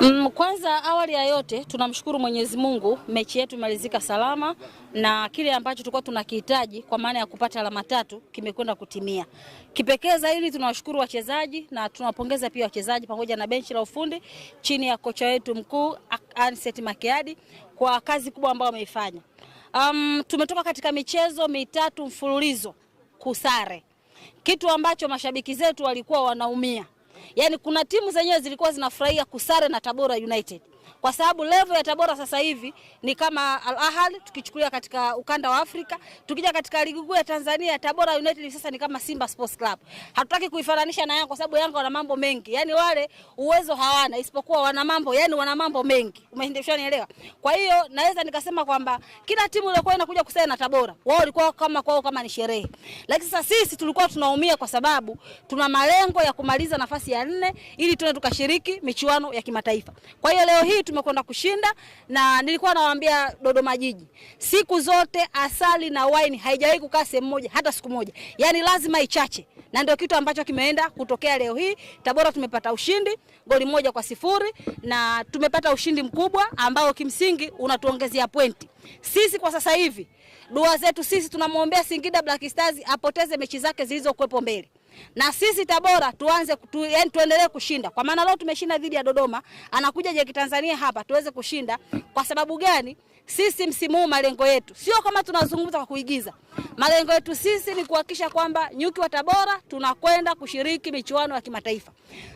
Mm, kwanza awali ya yote tunamshukuru Mwenyezi Mungu, mechi yetu imalizika salama na kile ambacho tulikuwa tunakihitaji kwa maana ya kupata alama tatu kimekwenda kutimia. Kipekee zaidi tunawashukuru wachezaji na tunawapongeza pia wachezaji pamoja na benchi la ufundi chini ya kocha wetu mkuu Anset Makiadi kwa kazi kubwa ambayo wameifanya. Um, tumetoka katika michezo mitatu mfululizo kusare, kitu ambacho mashabiki zetu walikuwa wanaumia Yaani kuna timu zenyewe zilikuwa zinafurahia kusare na Tabora United kwa sababu level ya Tabora sasa hivi ni kama Al Ahly tukichukulia katika ukanda wa Afrika. Tukija katika ligi kuu ya Tanzania, Tabora United sasa ni kama Simba Sports Club. Hatutaki kuifananisha na Yanga kwa sababu Yanga wana mambo mengi, yani wale uwezo hawana, isipokuwa wana mambo, yani wana mambo mengi, umeendeshwa nielewa. Kwa hiyo naweza nikasema kwamba kila timu iliyokuwa inakuja kusema na Tabora, wao walikuwa kama kwao kama ni sherehe, lakini sasa sisi tulikuwa tunaumia kwa sababu tuna malengo ya kumaliza nafasi ya nne ili tuende tukashiriki michuano ya kimataifa. Kwa hiyo leo hii hii tumekwenda kushinda, na nilikuwa nawaambia Dodoma jiji siku zote asali na wine haijawahi kukaa sehemu moja hata siku moja, yani lazima ichache, na ndio kitu ambacho kimeenda kutokea leo hii. Tabora tumepata ushindi goli moja kwa sifuri na tumepata ushindi mkubwa ambao kimsingi unatuongezea pointi sisi kwa sasa hivi. Dua zetu sisi tunamwombea Singida Black Stars apoteze mechi zake zilizokuwepo mbele na sisi Tabora tuanze tu, yani tuendelee kushinda, kwa maana leo tumeshinda dhidi ya Dodoma, anakuja JK Tanzania hapa tuweze kushinda. Kwa sababu gani? Sisi msimu huu malengo yetu sio kama tunazungumza kwa kuigiza. Malengo yetu sisi ni kuhakikisha kwamba nyuki wa Tabora tunakwenda kushiriki michuano ya kimataifa.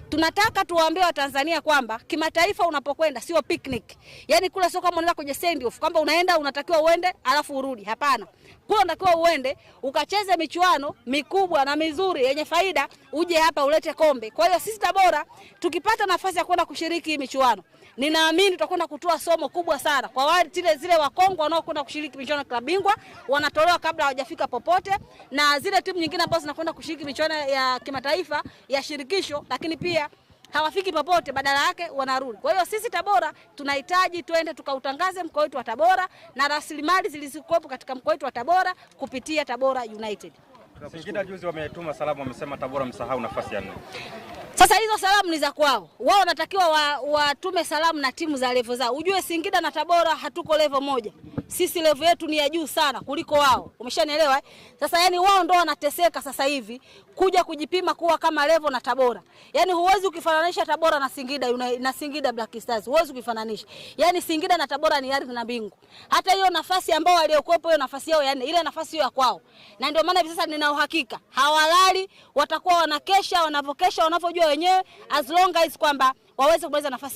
Tunataka tuwaambie Watanzania kwamba kimataifa unapokwenda sio picnic, yani kule sio kama unaenda kwenye send off kwamba unaenda unatakiwa uende alafu urudi. Hapana, kule unatakiwa uende ukacheze michuano mikubwa na mizuri yenye wenye faida uje hapa ulete kombe. Kwa hiyo sisi Tabora tukipata nafasi ya kwenda kushiriki hii michuano, ninaamini tutakwenda kutoa somo kubwa sana kwa wale zile zile wakongwe wanaokwenda kushiriki michuano ya klabu bingwa, wanatolewa kabla hawajafika popote, na zile timu nyingine ambazo zinakwenda kushiriki michuano ya kimataifa ya shirikisho, lakini pia hawafiki popote, badala yake wanarudi. Kwa hiyo sisi Tabora tunahitaji twende tukautangaze mkoa wetu wa Tabora na rasilimali zilizokuwepo katika mkoa wetu wa Tabora kupitia Tabora United. Singida juzi wametuma salamu, wamesema Tabora msahau nafasi ya nne. Sasa hizo salamu ni za kwao wao, wanatakiwa watume wa salamu na timu za levo zao. Ujue Singida na Tabora hatuko levo moja sisi level yetu ni ya juu sana kuliko wao, umeshanielewa eh? Sasa yani wao ndo wanateseka sasa hivi kuja kujipima kuwa kama level na Tabora. Yani huwezi ukifananisha Tabora na Singida una, na Singida Black Stars huwezi ukifananisha. Yani Singida na Tabora ni ardhi na mbingu. Hata hiyo nafasi ambao waliokuwepo hiyo nafasi yao, yani ile nafasi hiyo ya kwao, na ndio maana hivi sasa nina uhakika hawalali, watakuwa wanakesha, wanavokesha, wanavojua wenyewe as long as kwamba waweze kumaliza nafasi